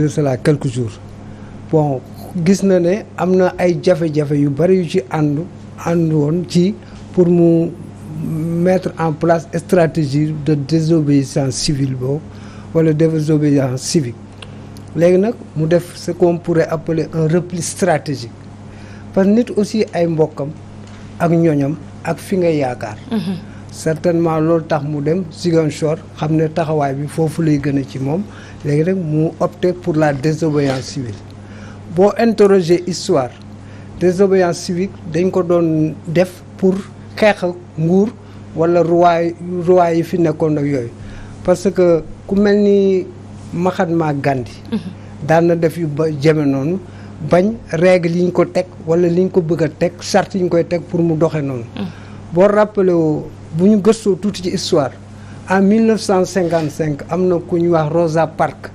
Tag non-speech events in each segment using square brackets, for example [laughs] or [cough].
de cela quelques jours bon gis na ne am na ay jafe-jafe yu bari yu ci àndu àndu woon ci pour mu mettre en place stratégie de désobéissance civile boobu wala désobéissance civique léegi nag mu def ce qu'on pourrait appeler un repli stratégique parce que nit aussi ay mbokkam ak ñoñam ak fi nga yaakaar mm-hmm. certainement loolu tax mu dem Ziguinchor xam ne taxawaay bi foofu lay gën a ci moom léegi rek mu opté pour la désobéissance civile boo interroger histoire désobéissance civique dañ ko doon def pour xeex ak nguur wala roi roi yi fi nekkoon ak yooyu parce que ku mel ni Mahatma Gandhi mhm. daan def yu ba jeme noonu bañ règle yi ñu ko teg wala li ñu ko bëgg a teg charte yi ñu koy teg pour mu doxe noonu mhm. boo rappelé bu ñu gëstoo tuuti ci histoire en 1955 am na ku ñu wax Rosa Parks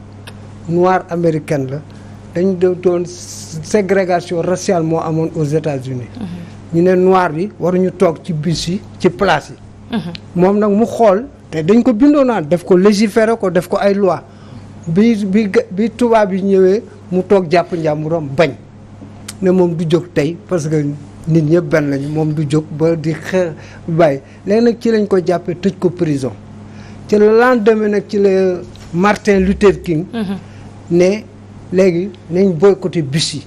noire américaine la dañu doon ségrégation raciale moo amoon aux États-Unis mm-hmm. ñu ne noir yi waruñu toog ci bis yi ci place yi mm-hmm. moom nag mu xool te dañ ko bindoo naan def ko légiférer ko def ko ay loi bi bi bi tubaab yi ñëwee mu toog jàpp njàmburam bañ ne moom du jóg tey parce que nit ñëpp benn lañu moom du jóg ba di xeex bàyyi léegi nag ci lañ ko jàppee tëj ko prison ci le lendemain nag ci la Martin Luther King. Mhm. ne léegi nañ boycotté bus yi.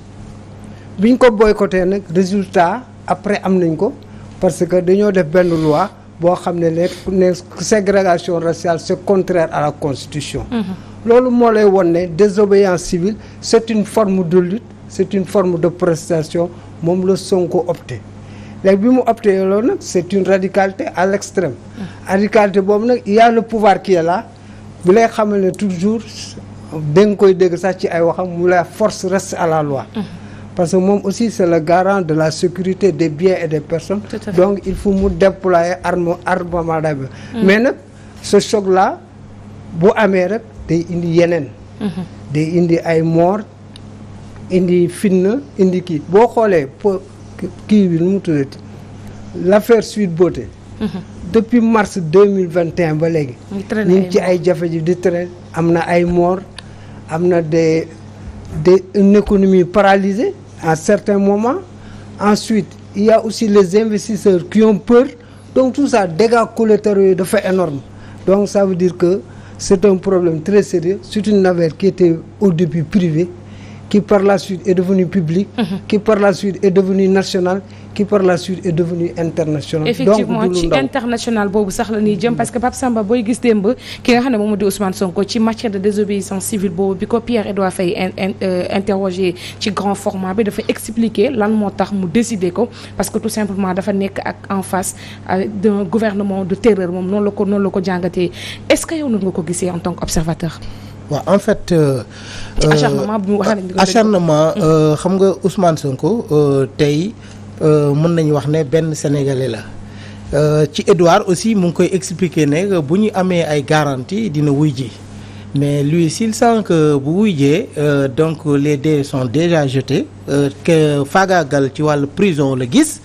biñ ko boycotté nag résultat après am nañ ko parce que dañoo def benn loi boo xam ne ne ségrégation raciale c'est contraire à la constitution. Mhm. loolu moo lay won ne désobéissance civile c'est une forme de lutte c'est une forme de prestation. moom la Sonko opté léegi bi mu opté loolu nag c'est une radicalité à l'extrême ah. radicalité boobu nag yàlla y a pouvoir qui est bu lay xamal ne tout da nga koy dégg sax ci ay waxam mu la force reste à la loi mmh. parce que moom aussi c'est le garant de la sécurité des bien et des personnes donc il faut mu déployer arme armement da mmh. mais nag ce choc la bu amee rek day indi yeneen mmh. day indi ay mort indi fitna indi kii boo xoolee po kii bi nu mu tuddati l'affaire Sweet Beauté mhm. depuis mars deux mille vingt et ba léegi ñu ci ay jafe ji di train am na ay mort am na de des une économie paralysée à certains moments ensuite il y aussi les investisseurs qui ont peur donc tout ça dégâts collatéraux yooyu dafa énorme donc ça veut dire que c'est un problème très sérieux c'est une affaire qui était au début qui par la suite est devenu public, mhm. qui par la suite est devenu national, qui par la suite est devenu international. effectivement ci international boobu sax la ñuy jëm parce que Pape Samba booy gis démb ki nga xam ne moom di Ousmane Sonko ci matière de désobéissance civile boobu bi ko Pierre Edouard Faye euh, interroger ci grand format bi dafa expliquer lan moo tax mu décider ko parce que tout simplement dafa nekk ak en face euh, d'un gouvernement du terreur moom noonu la ko noonu ko jàngatee est-ce que yow ko gisee en tant qu'observateur. waa en fait. Euh, euh, acharnement bu acharnement mm. euh, xam nga Ousmane Sonko tey mën nañu wax ne benn sénégalais la. ci Edouard aussi mu ngi koy expliquer ne bu ñu amee ay garantie dina wuy ji mais lui s'il sent bu wuy jee donc les dés sont déjà jetés euh, que ci wàllu prison la gis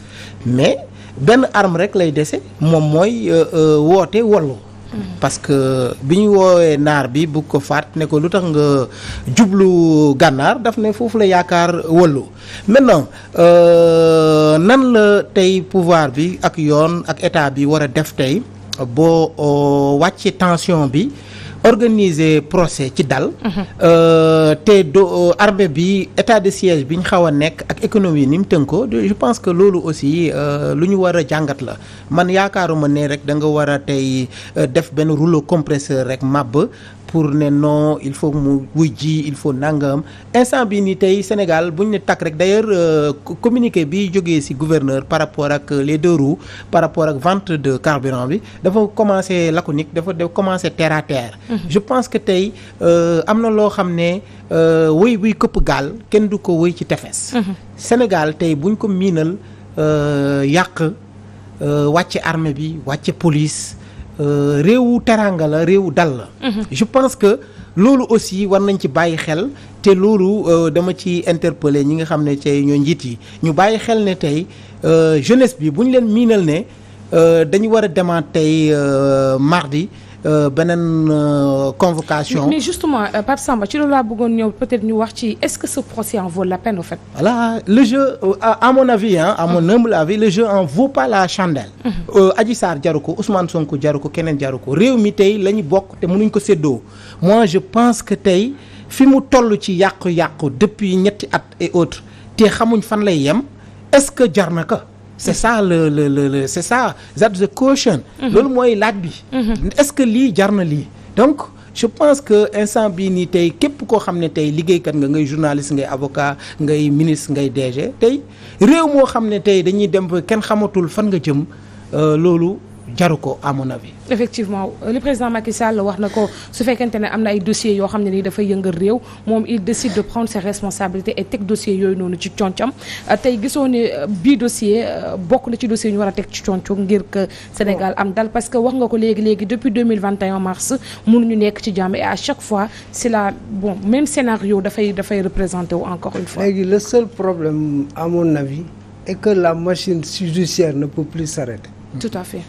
mais benn arm rek lay dese moom mooy woote wallu parce que bi ñu woowee naar bi bugg ko faat ne ko lu tax nga jublu gànnaar daf ne foofu la yaakaar wëllu maintenant euh, nan la tey pouvoir bi ak yoon ak état bi war a def tey boo euh, wàccee tension bi organiser procès ci dal mhm. euh, te do euh, armée bi état de siège bi ñu xaw a nekk ak économie ni mu ko je pense que loolu aussi euh, lu ñu war a jàngat la man yaakaaruma ne rek da nga war a tey def benn rouleau compresseur rek màbb pour ne non il faut mu wujji il faut nangam instant bi ni tey Sénégal buñ ne takk rek d'ailleurs euh, communiqué bi jógee ci gouverneur par rapport ak euh, les deux roues par rapport ak vente de carburant bi dafa commencé laconique dafa dafa commencé terre terre. Mhm. je pense que tey euh, am na loo xam ne wëy buy këpp gaal kenn du ko wëy ci tefes. Mhm. Sénégal tey buñ ko miinal yàq wàcce armée bi wàcce police. Euh, réewu teraanga la réewu dal la. Mhm. je pense que loolu aussi war nañ ci bàyyi xel te loolu euh, dama ci interpeller ñi nga xam ne tey ñoo njiit yi ñu bàyyi xel ne tey euh, jeunesse bi bu ñu leen miinal ne dañu war a demaat tey mardi. Euh, beneen euh, convocation. mais justement euh, Pape Samba ci loolu la bëggoon ñëw peut-être ñu wax ci est-ce que ce procès en vaut la peine au fait. voilà le jeu à mon avis hein à mon le jeu en vaut pas la chandelle. Mhm. Adji jaru ko Ousmane sonk jaru ko keneen jaru ko réew mi tey la ñu bokk te mënuñ ko séddoo moi je pense que tey fi mu toll ci yàqu-yàqu depuis ñetti at et autres te xamuñ fan lay yem est-ce que jar na ko c'est ça le le le, le c'est ça that's the question mhm. loolu mooy laaj bi mhm. est-ce que lii jar na lii donc je pense que instant bii nii tey képp koo xam ne tey liggéeykat nga ngay journaliste ngay avocat ngay ministre ngay DG tey réew moo xam ne tey dañuy dem kenn xamatul fan nga jëm euh, loolu jaru ko à mon effectivement le président Macky Sall wax na ko su fekkente ne am na ay dossiers yoo xam ne nii dafay yëngal réew moom il décide de prendre ses responsabilités et teg dossiers yooyu noonu ci concam euh, tey gisoo ne euh, bii dossier euh, bokk na ci dossier ñu war a teg ci conco ngir que Sénégal am dal parce que wax nga ko léegi léegi depuis 2021 mars ñu nekk ci jàmm et à chaque fois c'est la bon même scénario dafay dafay représenté wu encore une fois. léegi le seul problème à mon avis est que la machine judiciaire ne peut plus s'arrêter. tout à fait.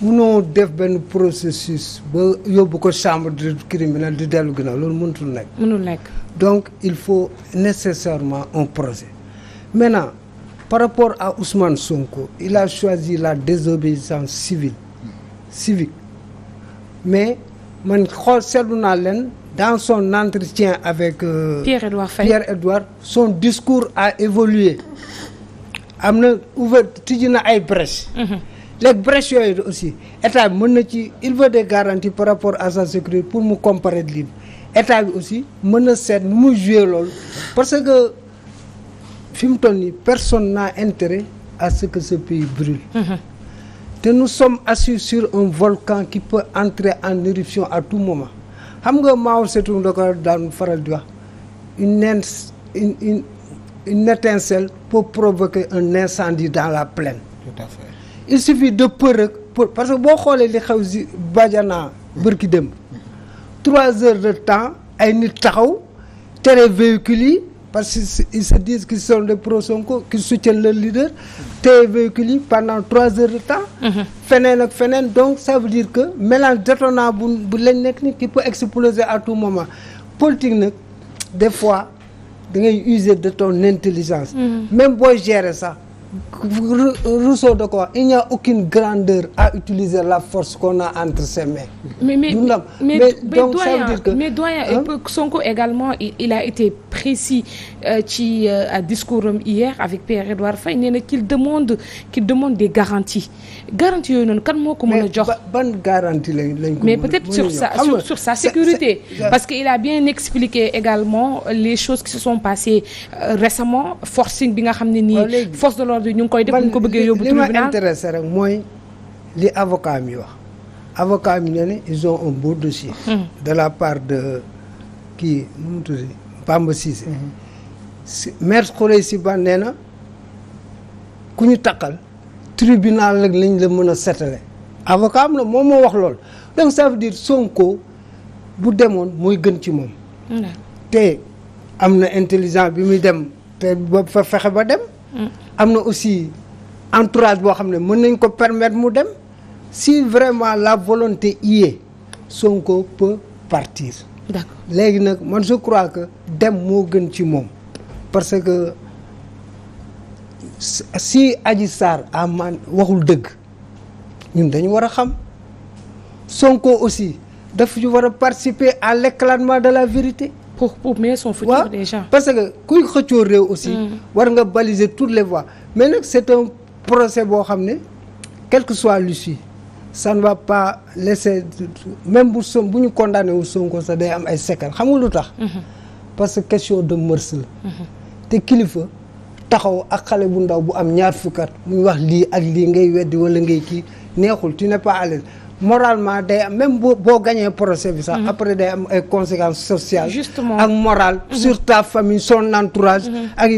munoo def benn processus ba yóbbu ko chambre de criminel di dellu ginnaaw loolu mënutul nekk. mënul nekk donc il faut nécessairement un projet maintenant par rapport à Ousmane Sonko il a choisi la désobéissance civile civique mais man xool seetlu naa leen dans son entretien avec. Euh, Pierre-Edouard Faye Pierre-Edouard son discours a évolué am na ouvert tijji na ay brèches. Mhm. léegi brèche yooyu aussi état bi mën na ci il veut des garanties par rapport à sa sécurité pour mu comparer lii état bi aussi mën na seet nu mu joué loolu parce que fi mu toll nii personne n'a intérêt à ce que ce pays brûle. Mhm. te nous sommes assis sur un volcan qui peut entrer en éruption à tout moment xam nga Mao Tse-tung da ko faral di wax une une une étincelle peut provoquer un incendie dans la plaine. il suffit de peur rek pour parce que boo xoolee li xew si Badiana bërki dem trois heures de temps ay nit taxaw tere véhicules yi parce que se disent qu'ils sont des pro-Sonko qu'ils soutiennent le leader tere véhicules yi pendant trois heures de temps mhm. feneen ak feneen donc ça veut dire que mélange détonant bu bu lañ nekk ni qui peut exploser à tout moment politique nag des fois da ngay user de ton intelligence mhm. même booy gérer ça Rousseau de quoi il n'y a aucune grandeur à utiliser la force qu'on a entre ses mains. mais mais mais mais doyen mais doyen Sonko également il, il a été précis Euh, ci euh, à discours am hier avec Pierre-Edouard Faye nee na qu'il demande qu'il demande des garanties garanties yooyu noonu kan moo ko mën a jox ban garantie lañ lañ ko mais peut-être sur sa sur, sécurité parce que a bien expliqué également les choses qui se sont passées euh, récemment forcing bi nga xam ne nii force de l'ordre yi ñu ngi koy def ñu ko bëggee yóbbu tribunal li ma intéressé rek mooy li avocat mi wax avocat mi ne ne ils ont un beau dossier de la part de kii nu mu tudd Bamba si maître Khoureysi Ba nee na ku ñu takkal tribunal rek lañ la mën a setale avocat am na moom moo wax loolu donc ça veut dire Sonko bu demoon mooy gën ci moom. te am na intelligent bi muy dem te ba fa fexe ba dem. Mm. am na aussi entourage boo xam ne mën nañ ko permettre mu dem si vraiment la volonté y Sonko peut partir. léegi nag man je crois que dem moo gën ci moom. parce que si Adji Sarr aman waxul dëgg ñun dañu war a xam Sonko aussi daf ñu war a participer à l'éclatement de la vérité pour pour son futur ouais, parce que kuy xëccoo réew aussi mm. war nga baliser tout les voies mais nag c'est un procès boo xam ne quel que soit l'issue ça ne pas laisser même bu som bu ñu condamné wu Sonko sax day am ay séquelles xam lu tax mm-hmm. parce que question de mœurs la mm-hmm. te kilifa taxaw ak xale bu ndaw bu am ñaar fukkat muy wax lii ak lii ngay weddi wala ngay kii neexul tu n'es pas à moralement day am même boo boo gañee procès bi sax mhm. après day am ay conséquences sociales justement ak morale mhm. sur famille son entourage mhm. ak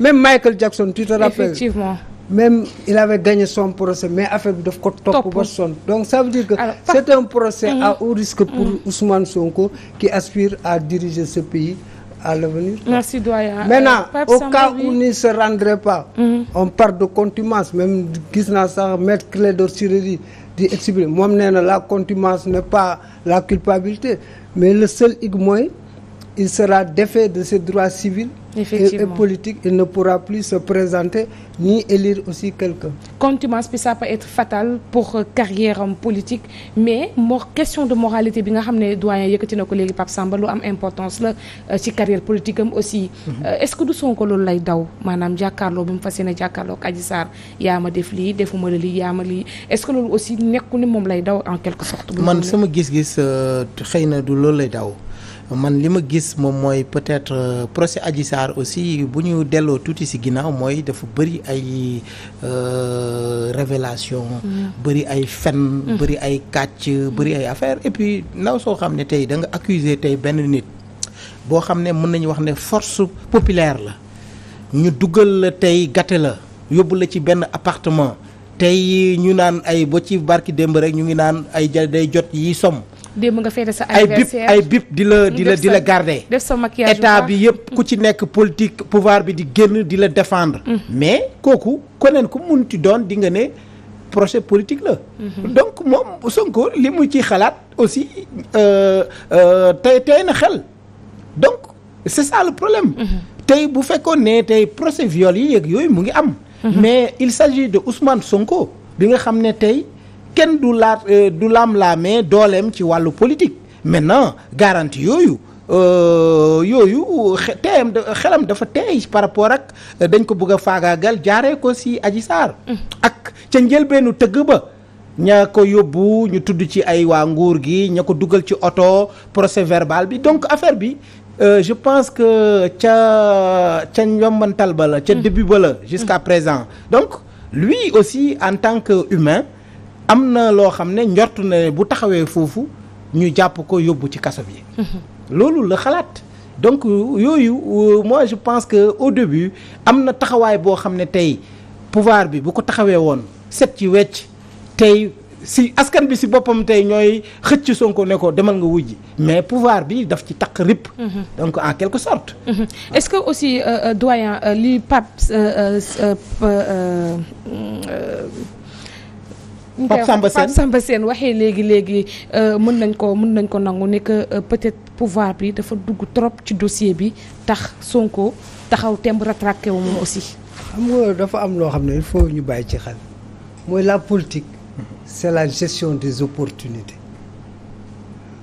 même Michael Jackson tu te rappelles effectivement même il avait gagné son procès mais affaire bi daf ko topp ba sonn donc ça veut dire que c'est un procès à au risque pour Ousmane Sonko ki aspire à diriger ce pays à l'avenir. Merci euh, au cas où il se rendrait pas. Mhm. on parle de contumace même gis naa sax maître Clédor Ciré di expliquer moom nee na la contumace n'est pas la culpabilité mais le seul hic mooy. il sera défait de ses droits civils et, et Il ne pourra plus se présenter ni élire aussi quelqu'un. Contumace bi ça peut être fatal pour euh, carrière am politique mais moo question de moralité bi nga xam ne doyen yëkkati na ko léegi Pape Samba lu am importance la euh, ci carrière politique am aussi. Mhm. Euh, est-ce que du Sonko loolu lay daw maanaam jàkkaarloo bi mu fas yéene jàkkaarloo ak Adji Sarr yaa ma def lii defuma la lii yaa ma lii est-ce que loolu aussi nekku ni moom lay daw en quelque sorte. man sama gis-gis xëy na du loolu lay daw. man li ma gis moom mooy peut-être euh, procès Adji Sarr aussi bu ñu delloo tuuti ci ginnaaw mooy dafa bëri ay euh, révélation mm. bëri ay fen mm. bëri ay kàcc bëri ay affaire et puis ndaw soo xam ne tey danga nga accuser tey benn nit boo xam ne mën nañu wax ne force populaire la ñu dugal la tey gàtte la yóbbu la ci benn appartement tey ñu naan ay ba ci barki démb rek ñu ngi naan ay ja day jot yi somm démb nga fête sa anniversaire ay bip di la di la di la garder. def sa bi yëpp ku ci nekk politique pouvoir bi di génn di la défendre. Mm. mais kooku koneen ku mun ti doon di nga ne projet politique la. Mm-hmm. donc moom Sonko li mu ci xalaat aussi euh, euh, tey tey na xel donc c'est ça le problème. Mm-hmm. tey bu fekkoon ne tey procès viol yi yeeg yooyu mu ngi am. Mm-hmm. mais il s'agit de Ousmane Sonko bi nga xam ne tey. kenn du laa euh, du laam-laamee dooleem ci wàllu politique maintenant garantie yooyu euh, yooyu teeyam xelam dafa teey par rapport ak euh, dañ ko bëgg a faagaagal jaaree ko si Adji Sarr mm. ak ca njëlbeenu tëgg ba ña ko yóbbu ñu tudd ci ay waa nguur gi ña ko dugal ci oto procès verbal bi donc affaire bi Euh, je pense que ca ca njombantal ba la ca mm. début ba la jusqu'à mm. présent donc lui aussi en tant que humain am na loo xam ne njort na bu taxawee foofu ñu jàpp ko yóbbu ci kaso bi. Mhm. loolu la xalaat donc yooyu euh, moi je pense que au début am na taxawaay boo xam ne tey pouvoir bi bu ko taxawee woon set ci wecc tey si askan bi si boppam tey ñooy xëcc Sonko ne demal nga wujji mais pouvoir bi daf ci takk rip. Mhm. donc en quelque sorte. Mhm. est-ce que aussi euh, euh, doyen li Pape. Pape Samba Sène Pape Samba Sène waxee léegi léegi euh, mën nañ ko mën nañ ko nangu ne que euh, peut-être pouvoir bi dafa dugg trop ci dossier bi tax Sonko taxaw temb rattraqué wu moom aussi. xam nga dafa am loo xam ne il faut ñu bàyyi ci xel mooy la politique c'est la gestion des opportunités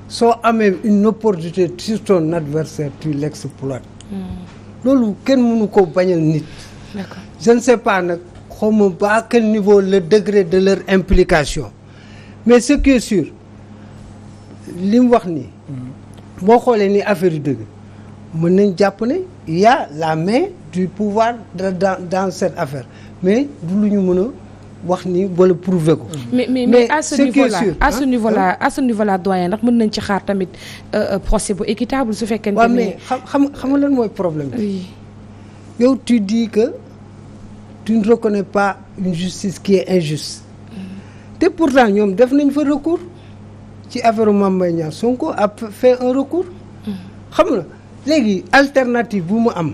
soo amee une opportunité sur ton adversaire tu l'exploites. Hmm. loolu kenn mënu ko bañal nit. d'accord je ne sais pas nag. xawma ba à quel niveau le degré de leur implication mais ce sur est wax nii boo xoolee ni affaire yu dëgg mën nañ jàpp ne il y a la main du pouvoir dans dans cette affaire mais du lu ñu mën a wax ni wala prouver ko. Mmh. mais mais mais à ce niveau là à ce à ce doyen ndax mën nañ ci xaar tamit euh, euh, procès bu équitable su fekkee ne. waaw mais xam xam xam lan mooy problème bi. yow tu tu ne reconnais pas une justice qui est injuste te pourtant ñoom def nañ fa recours ci affaire Mame Mbaye Niang Sonko a fait un recours xam nga léegi alternative bu mu am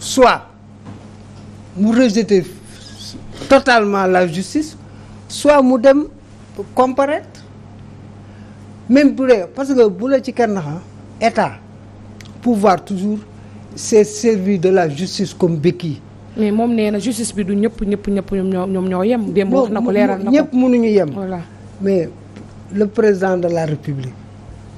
soit mu rejeter totalement la justice soit mu dem comparaître même bu dee parce que bu la ci kenn naxa état pouvoir toujours s'est servi de la justice comme béquille mais moom nee na justice bi du ñëpp ñëpp ñëpp ñoom ñoom ñoo yem. démb wax na ko leeral na ko ñëpp mënuñu yem. mais le président de la république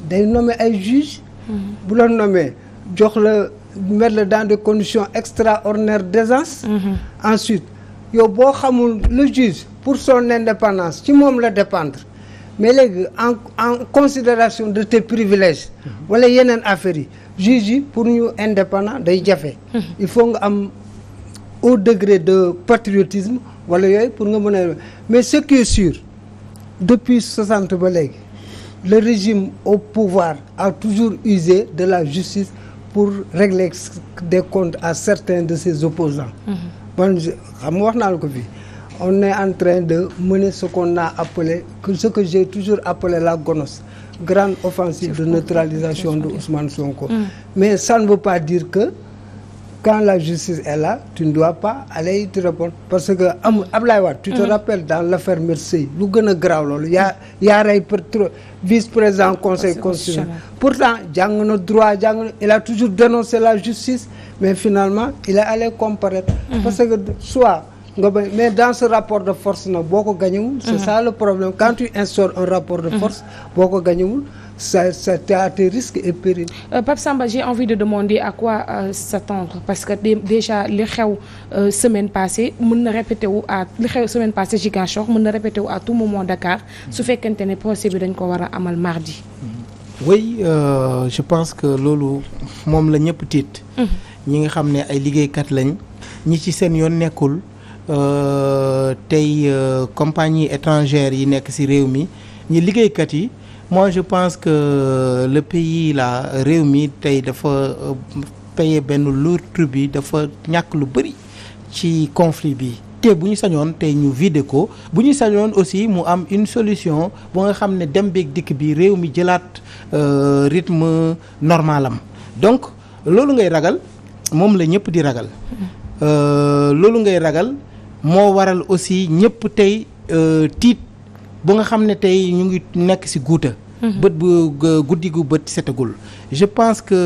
day nommé ay juge mm-hmm. bu la nommé jox la mettre la dans des conditions extraordinaires d'aisance. Mm-hmm. ensuite yow boo xamul le juge pour son indépendance ci moom la dépendre. mais léegi en en considération de tes privilèges mm-hmm. wala yeneen affaires yi juge yi pour ñu indépendant day jafe. il faut nga am haut degré de patriotisme wala yooy pour nga mën a mais ce qui est sûr depuis 60 ba léegi le régime au pouvoir a toujours usé de la justice pour régler des comptes à certains de ses opposants mm-hmm. bon xam nga la ko fii on est en train de mener ce qu'on a appelé ce que j'ai toujours appelé la gonos grande offensive de neutralisation de Ousmane Sonko. Mm. mais ça ne veut pas dire que quand la justice est là tu ne dois pas aller y te répondre parce que am Ablaye Wade tu te mhm. rappelles dans l'affaire Merceil lu gën a garaaw loolu yaa yaa rey vice président conseil constitutionnel pourtant jàng na droit jàng na il a toujours dénoncé la justice mais finalement il est allé comparaître mhm. parce que soit nga mais dans rapport de force nag boo ko gañewul c'est mhm. ça le problème quand tu instaures un rapport de mhm. force boo ko gañewul sa sa t'as tes risques et périls. Euh, Pape Samba j'ai envie de demander à quoi sa euh, s'attendre parce que déjà li xew euh, semaine passée mun na répété wu à li xew semaine passée Ziguinchor mën na répété wu à tout moment Dakar su fekkente ne procès bi dañ ko war a amal mardi. Mhm. oui euh, je pense que loolu moom la ñëpp tiit. ñi nga xam ne ay liggéeykat lañ. ñi ci seen yoon nekkul. Euh, tey euh, compagnie étrangère yi nekk ci réew mi ñi liggéeykat yi moi je pense que euh, le pays là réew mi tey dafa paye benn lourd bi dafa ñàkk lu bëri ci conflit bi te bu ñu sañoon tey ñu vidé ko bu ñu sañoon aussi mu am une solution bu nga xam ne dem beeg dikk bi réew mi jëlaat rythme normalam donc loolu ngay ragal moom la ñëpp di ragal mm. loolu ngay ragal moo waral aussi ñëpp tey euh, tiit bu nga xam ne tey ñu ngi nekk ci guuta mhm. bët bu guddi gu bët setagul je pense que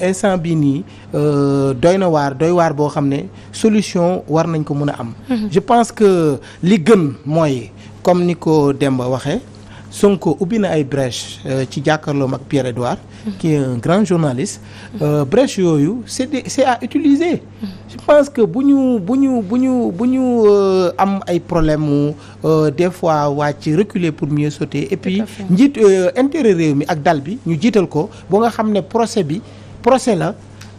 instant bii nii euh, doy na waar doy waar boo xam ne solution war nañ ko mën a am mhm. je pense que li gën mooy comme ni ko Demba waxee Sonko ubbi na ay brèche euh, ci jàkkaarloom ak Pierre Edouard qui est un grand journaliste euh, brèche yooyu c'est de c'est à utiliser je pense que bu ñu bu ñu bu ñu bu ñu euh, am ay problème mu des fois wàcc reculer pour mieux sauter et puis njiit intérêt réew mi ak dal bi ñu jiital ko ba nga xam ne procès bi procès la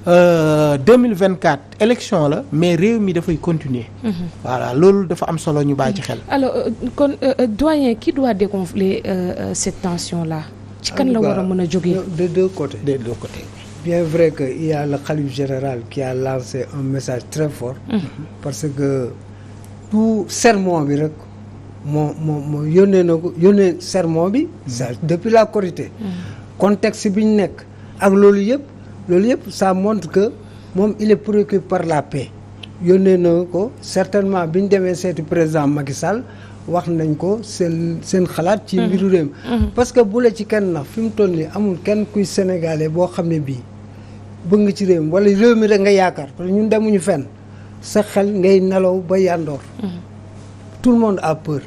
Euh, deux mille vingt quatre élection la mais réew mi dafay continuer. Mhm. voilà loolu dafa am solo ñu bàyyi ci xel. Mhm. alors euh, kon euh, doyen qui doit dégonfler cette tension là. ci kan la war a mën a jógee. de deux côtés de deux côtés. bien vrai que il y a général qui a lancé un message très fort. Mhm. parce que tout sermon bi rek. moo moo moo yónnee na yónnee sermon bi. depuis la Korité. contexte bi ñu nekk ak loolu yëpp. loolu yëpp ça montre que moom il est préoccupé par la paix yónnee na ko certainement bi ñu demee seeti président Macky Sall wax nañ ko seen seen xalaat. ci mbiru mhm. réew mi mhm. parce que bu la ci kenn nax fi mu toll nii amul kenn kuy sénégalais boo xam ne bii bëgg nga ci réew mi wala réew rek nga yaakaar parce que ñun demuñu fenn sa xel ngay nelaw ba yàndoor. Mhm. tout le monde a pour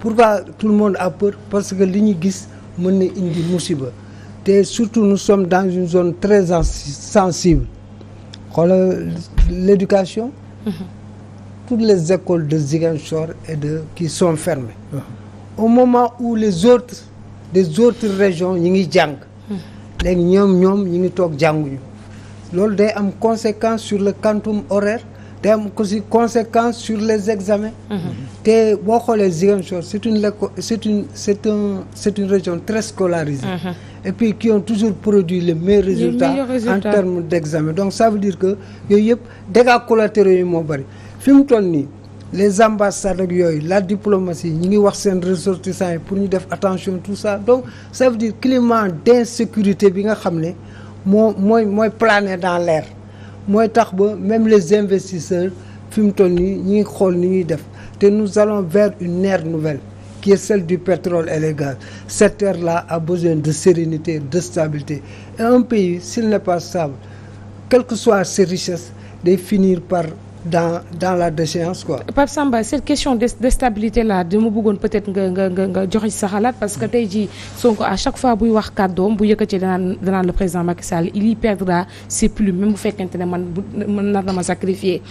pourquoi tout le monde a peur parce que li ñu gis mën na indi musiba. te surtout nous sommes dans une zone très sensible xoolal l'éducation mm -hmm. toutes les écoles de Ziguinchor et de qui sont fermées mhm. au moment où les autres des autres régions ñi ngi jàng mhm. léegi ñoom ñoom ñi ngi toog jànguñu loolu day am conséquence sur le quantum horaire day am aussi conséquence sur les examens mhm. te boo xoolee Ziguinchor c'est une c'est une c'est un c'est une région très scolarisée mm et puis qui toujours produit les meilleurs résultats en termes d'examen donc ça dire que yooyu yëpp dégâts collatéraux yi moo bëri fi mu toll nii les ambassades ak yooyu la diplomatie ñi ngi wax seen ressortissants yi pour ñu def attention tout ça donc ça veut dire climat d'insécurité bi nga xam ne moo mooy mooy planer dans l'air mooy tax ba même les investisseurs fi mu toll nii ñi ngi xool ni ñuy def te nous allons vers une ère nouvelle qui est celle du pétrole et les gaz. Cette ère-là a besoin de sérénité, de stabilité. Et un pays, s'il n'est pas stable, quelles que soient ses richesses, de finir par dans dans la déchéance quoi. par Samba cette question de stabilité là mu buggoon peut-être nga nga nga nga joxe sa xalaat parce que tey jii Sonko à chaque fois buy wax kàddoom bu yëkkatee danaan danaan le président Macky Sall il y perdra ses plumes même bu fekkente ne man bu mën na ma sacrifier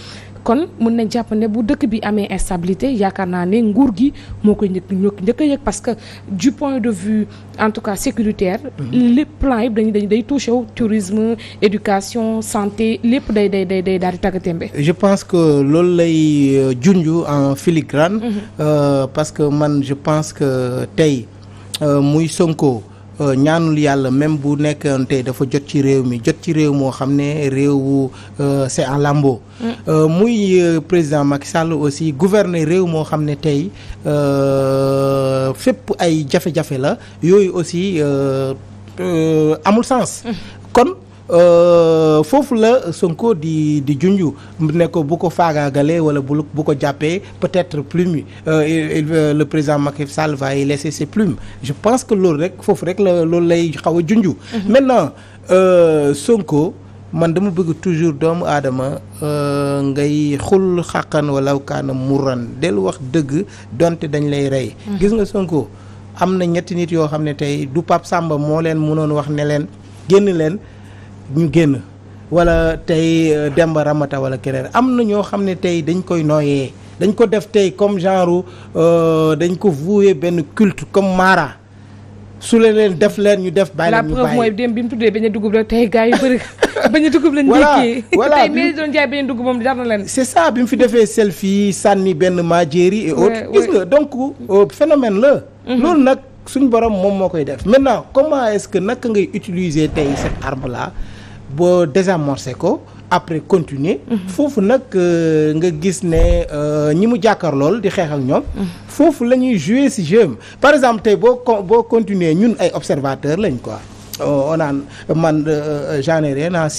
kon mun nañ jàpp ne bu dëkk bi amee instabilité yaakaar naa ne nguur gi moo koy njëkk njëkk yëg parce que du point de vue en tout cas sécuritaire. Mhm. lépp plan yëpp dañuy dañuy day touché wu tourisme éducation santé lépp day day day day daal di tàggatémbe. je pense que loolu lay euh, junj en filigrane. Mhm. Euh, parce que man je pense que tey euh, muy Sonko. Euh, ñaanul yàlla même bu nekkoon tey dafa jot ci réew mi jot ci réew moo xam ne réewu euh, c'est en lambeaux. Mm. Euh, muy président Macky Sall aussi gouverner réew moo xam ne tey fépp ay jafe-jafe la yooyu aussi amul sens mm. kon. Euh, foofu la Sonko di di junju ne ko bu ko faagaagalee wala bu bu ko jàppee peut-être plume euh, euh, le président Macky Sall va y laisser ses je pense que loolu rek foofu rek loolu lay xaw a junju mhm. maintenant Sonko man dama bëgg toujours doomu aadama ngay xul xàqan wala kaana muran del wax dëgg donte dañ lay rey mhm. gis nga Sonko am na ñetti nit yoo xam ne tey du Pape Samba moo leen mënoon wax ne leen génn leen ñu génn wala tey euh, Demba Ramata wala keneen am na ñoo xam ne tey dañ koy nooyee dañ ko def tey comme genre euh, dañ ko voué benn culte comme Mara su la leen def leen ñu def. bàyyi la ñu bàyyi la preuve mooy dem bi mu tuddee ba a dugub rek tey gars yu bëri [laughs] bañ a dugub lañ. voilà voilà dugub moom jar leen. c'est ça bi mu fi defee selfie sànni benn majéri et autres. gis donc euh, phénomène la. Mhm. loolu nag suñ borom moom moo koy def. maintenant comment est naka ngay utiliser tey cette arme là. boo désamorcé ko après continuer mhm. foofu nag euh, nga gis ne euh, ñi mu jàkkaar lool di xeex ak ñoom mhm. foofu la ñuy jouer si jeu par exemple tey boo boo continuer ñun ay observateur lañ quoi euh, on man j'en ai rien à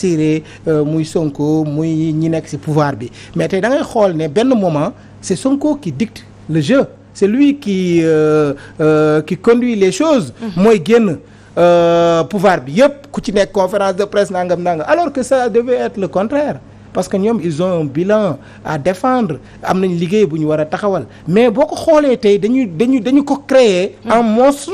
muy Sonko muy ñi nekk si pouvoir bi mais tey da ngay xool ne benn moment ci Sonko qui dicte le jeu c'est lui qui euh, euh, qui conduit les chose mhm. mooy génn Euh, pouvoir bi yëpp ku ci nekk conférence de presse nangam nangam alors que ça devait être le contraire parce que ñoom ils ont bilan à défendre am nañ liggéey bu ñu war a taxawal mais boo ko xoolee tey dañu dañu dañu ko créer en mm. monstre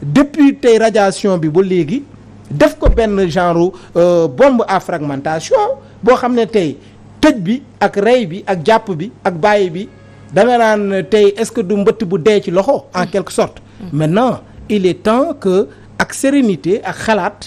depuis tey radiation bi ba léegi def ko benn genre euh, bomb à fragmentation boo xam ne tey tëj bi ak rey bi ak jàpp bi ak bàyyi bi danga naan tey est-ce que du mbëtt bu dee ci loxo en mm. quelque sorte mm. maintenant il est temps que ak sérénité ak xalaat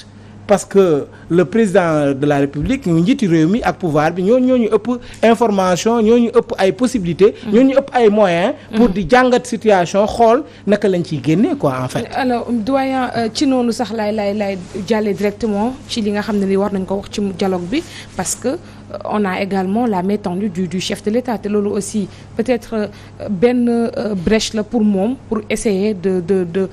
parce que le président de la république ñu njiiti réew mi ak pouvoir bi ñoo ñoo ñu ëpp information ñoo ñu ëpp ay possibilité mm. ñoo ñu ëpp ay moyens. pour mm. di jàngat situation xool naka lañ ciy génnee quoi en fait. alors doyen euh, ci noonu sax laay laay laay jàllee directement ci li nga xam ne ni war nañ ko wax ci mu dialogue bi parce que euh, on a également la main tendue du du chef de l'État te loolu aussi peut-être euh, benn brèche la pour moom pour essayer de de de.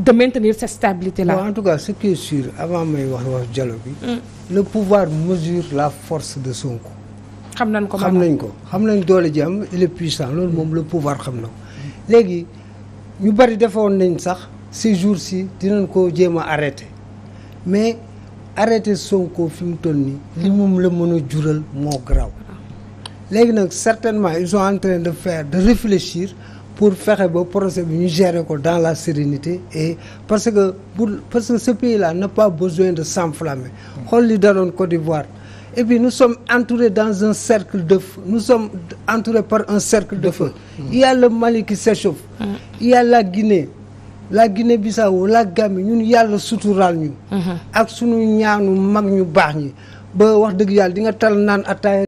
de maintenir cette stabilité-là. Bon, en tout cas ce qui est avant may wax wax jalo bi. Mm. le pouvoir mesure la force de Sonko. xam nañ ko xam nañ ko xam nañ doole ji am il est puissant loolu moom la pouvoir xam na ko. léegi ñu bari defoon nañ sax ces jours si dinañ koo jéem a arrêté mais arrêté Sonko fi mu toll nii. li moom la mën a jural moo graw ah. léegi nag certainement ils sont en train de faire de réfléchir. pour fexe ba procès bi ñu gérer ko dans la sérénité et parce que pour parce que ce pays là n'a pas besoin de s'enflammer xool li daloon Côte d'Ivoire et puis nous sommes entourés dans un cercle de feu nous sommes entourés par un cercle de feu mm-hmm. il y a le Mali qui s'échauffe mm-hmm. il la Guinée la Guinée-Bissau la Gambie ñun yàlla suturaal ñu mm-hmm. ak sunu ñaanu mag ñu baax ñi ba wax dëgg yàlla di tal naan attaaya